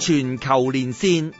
全球連線，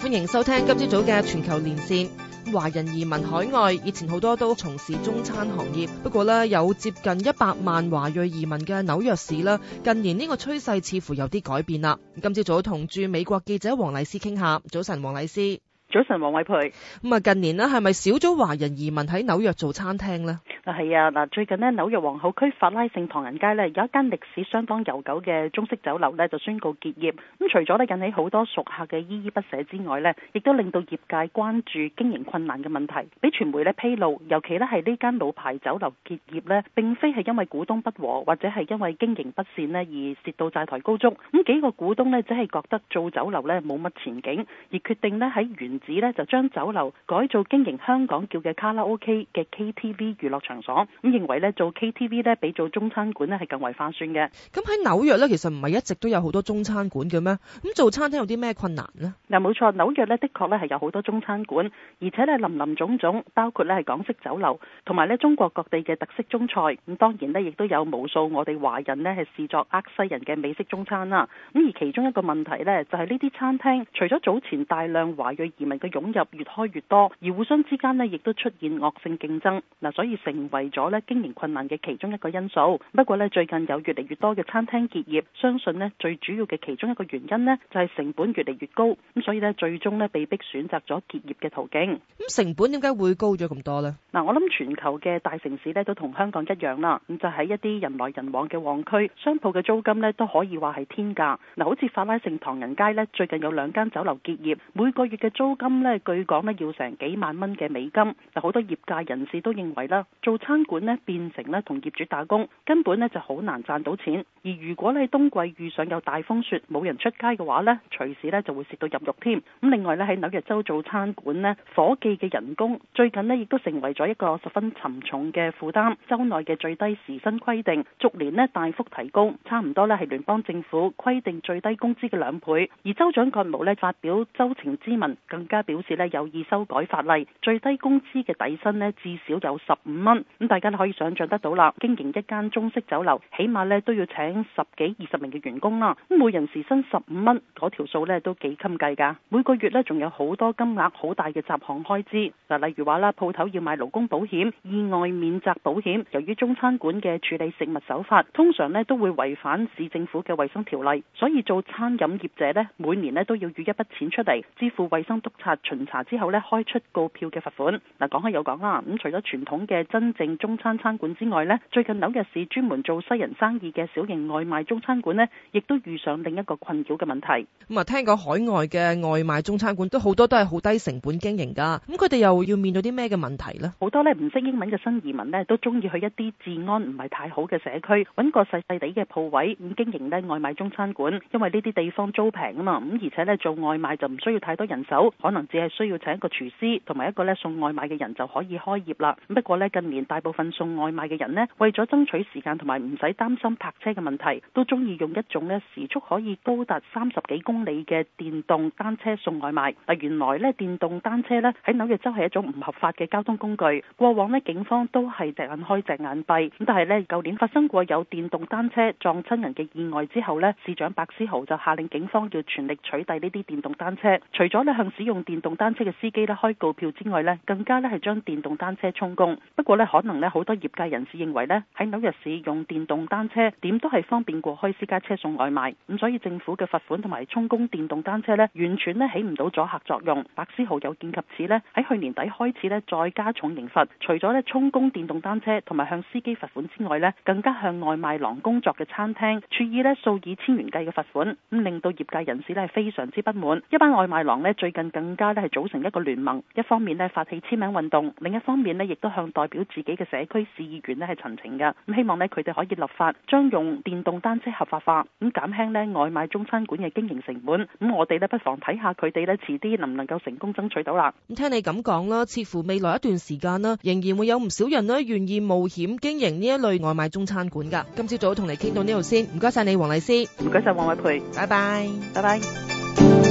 歡迎收聽今朝早嘅全球連線。華人移民海外以前好多都從事中餐行業，不過呢，有接近一百萬華裔移民嘅紐約市啦，近年呢個趨勢似乎有啲改變啦。今朝早同駐美國記者黃麗施傾下，早晨黃麗施。早晨，王慧蓓。咁啊，近年咧，係咪少咗華人移民喺紐約做餐廳咧？嗱，係啊，嗱，最近呢紐約皇后區法拉盛唐人街呢有一間歷史相當悠久嘅中式酒樓呢就宣告結業。咁除咗呢引起好多熟客嘅依依不捨之外呢亦都令到業界關注經營困難嘅問題。俾傳媒呢披露，尤其咧係呢間老牌酒樓結業呢並非係因為股東不和或者係因為經營不善呢而蝕到債台高築。咁幾個股東呢只係覺得做酒樓咧冇乜前景，而決定呢喺原就將酒樓改做經營香港叫嘅卡拉 OK 嘅 KTV 娛樂場所，咁認為咧做 KTV 咧比做中餐館咧係更為划算嘅。咁喺紐約咧，其實唔係一直都有好多中餐館嘅咩？咁做餐廳有啲咩困難呢？嗱，冇錯，紐約咧的確咧係有好多中餐館，而且咧林林總總，包括咧係港式酒樓，同埋咧中國各地嘅特色中菜。咁當然呢，亦都有無數我哋華人呢係視作亞西人嘅美式中餐啦。咁而其中一個問題呢，就係呢啲餐廳除咗早前大量華裔移民。嘅湧入越開越多，而互相之間呢亦都出現惡性競爭，嗱，所以成為咗呢經營困難嘅其中一個因素。不過呢，最近有越嚟越多嘅餐廳結業，相信呢最主要嘅其中一個原因呢就係成本越嚟越高，咁所以呢，最終呢被逼選擇咗結業嘅途徑。咁成本點解會高咗咁多呢？嗱，我諗全球嘅大城市呢都同香港一樣啦，咁就喺一啲人來人往嘅旺區，商鋪嘅租金呢都可以話係天價。嗱，好似法拉盛唐人街呢，最近有兩間酒樓結業，每個月嘅租金呢據講要成幾萬蚊嘅美金，但好多業界人士都認為啦，做餐館咧變成咧同業主打工，根本就好難賺到錢。而如果喺冬季遇上有大風雪，冇人出街嘅話咧，隨時就會蝕到入肉添。咁另外咧喺紐約州做餐館咧，伙計嘅人工最近咧亦都成為咗一個十分沉重嘅負擔。州內嘅最低時薪規定逐年大幅提高，差唔多咧係聯邦政府規定最低工資嘅兩倍。而州長葛謨咧發表州情咨文，更家表示有意修改法例，最低工資嘅底薪至少有十五蚊。咁大家可以想象得到啦，經營一間中式酒樓，起碼都要請十幾二十名嘅員工啦。每人時薪十五蚊，嗰條數都幾襟計㗎。每個月咧仲有好多金額好大嘅雜項開支。嗱，例如話啦，鋪頭要買勞工保險、意外免責保險。由於中餐館嘅處理食物手法，通常都會違反市政府嘅衛生條例，所以做餐飲業者每年都要預一筆錢出嚟支付衛生查巡查之後呢，開出告票嘅罰款。嗱，講開又講啦，咁除咗傳統嘅真正中餐餐館之外呢，最近紐約市專門做西人生意嘅小型外賣中餐館呢，亦都遇上另一個困擾嘅問題。咁啊，聽講海外嘅外賣中餐館都好多都係好低成本經營噶，咁佢哋又要面對啲咩嘅問題呢？好多呢唔識英文嘅新移民呢，都中意去一啲治安唔係太好嘅社區，揾個細細地嘅鋪位咁經營呢外賣中餐館，因為呢啲地方租平啊嘛，咁而且呢，做外賣就唔需要太多人手。可能只係需要請一個廚師同埋一個咧送外賣嘅人就可以開業啦。不過咧近年大部分送外賣嘅人呢，為咗爭取時間同埋唔使擔心泊車嘅問題，都中意用一種咧時速可以高達三十幾公里嘅電動單車送外賣。嗱，原來呢，電動單車呢喺紐約州係一種唔合法嘅交通工具。過往呢，警方都係隻眼開隻眼閉。咁但係呢，舊年發生過有電動單車撞親人嘅意外之後呢，市長白思豪就下令警方要全力取締呢啲電動單車。除咗咧向使用用電動單車嘅司機咧開告票之外，更加咧係將電動單車充公。不過可能咧好多業界人士認為咧喺紐約市用電動單車點都係方便過開私家車送外賣。咁所以政府嘅罰款同埋充公電動單車完全起唔到阻嚇作用。白思豪有見及此咧，喺去年底開始再加重刑罰，除咗咧充公電動單車同埋向司機罰款之外，更加向外賣郎工作嘅餐廳處以咧數以千元計嘅罰款。咁令到業界人士係非常之不滿。一班外賣郎最近更更加咧係組成一個聯盟，一方面呢發起簽名運動，另一方面呢亦都向代表自己嘅社區市議員呢係陳情噶，咁希望呢，佢哋可以立法將用電動單車合法化，咁減輕呢外賣中餐館嘅經營成本。咁我哋呢不妨睇下佢哋呢遲啲能唔能夠成功爭取到啦。咁聽你咁講啦，似乎未來一段時間啦，仍然會有唔少人呢願意冒險經營呢一類外賣中餐館噶。今朝早同你傾到呢度先，唔該晒你黃麗施，唔該晒王慧蓓，拜拜，拜拜。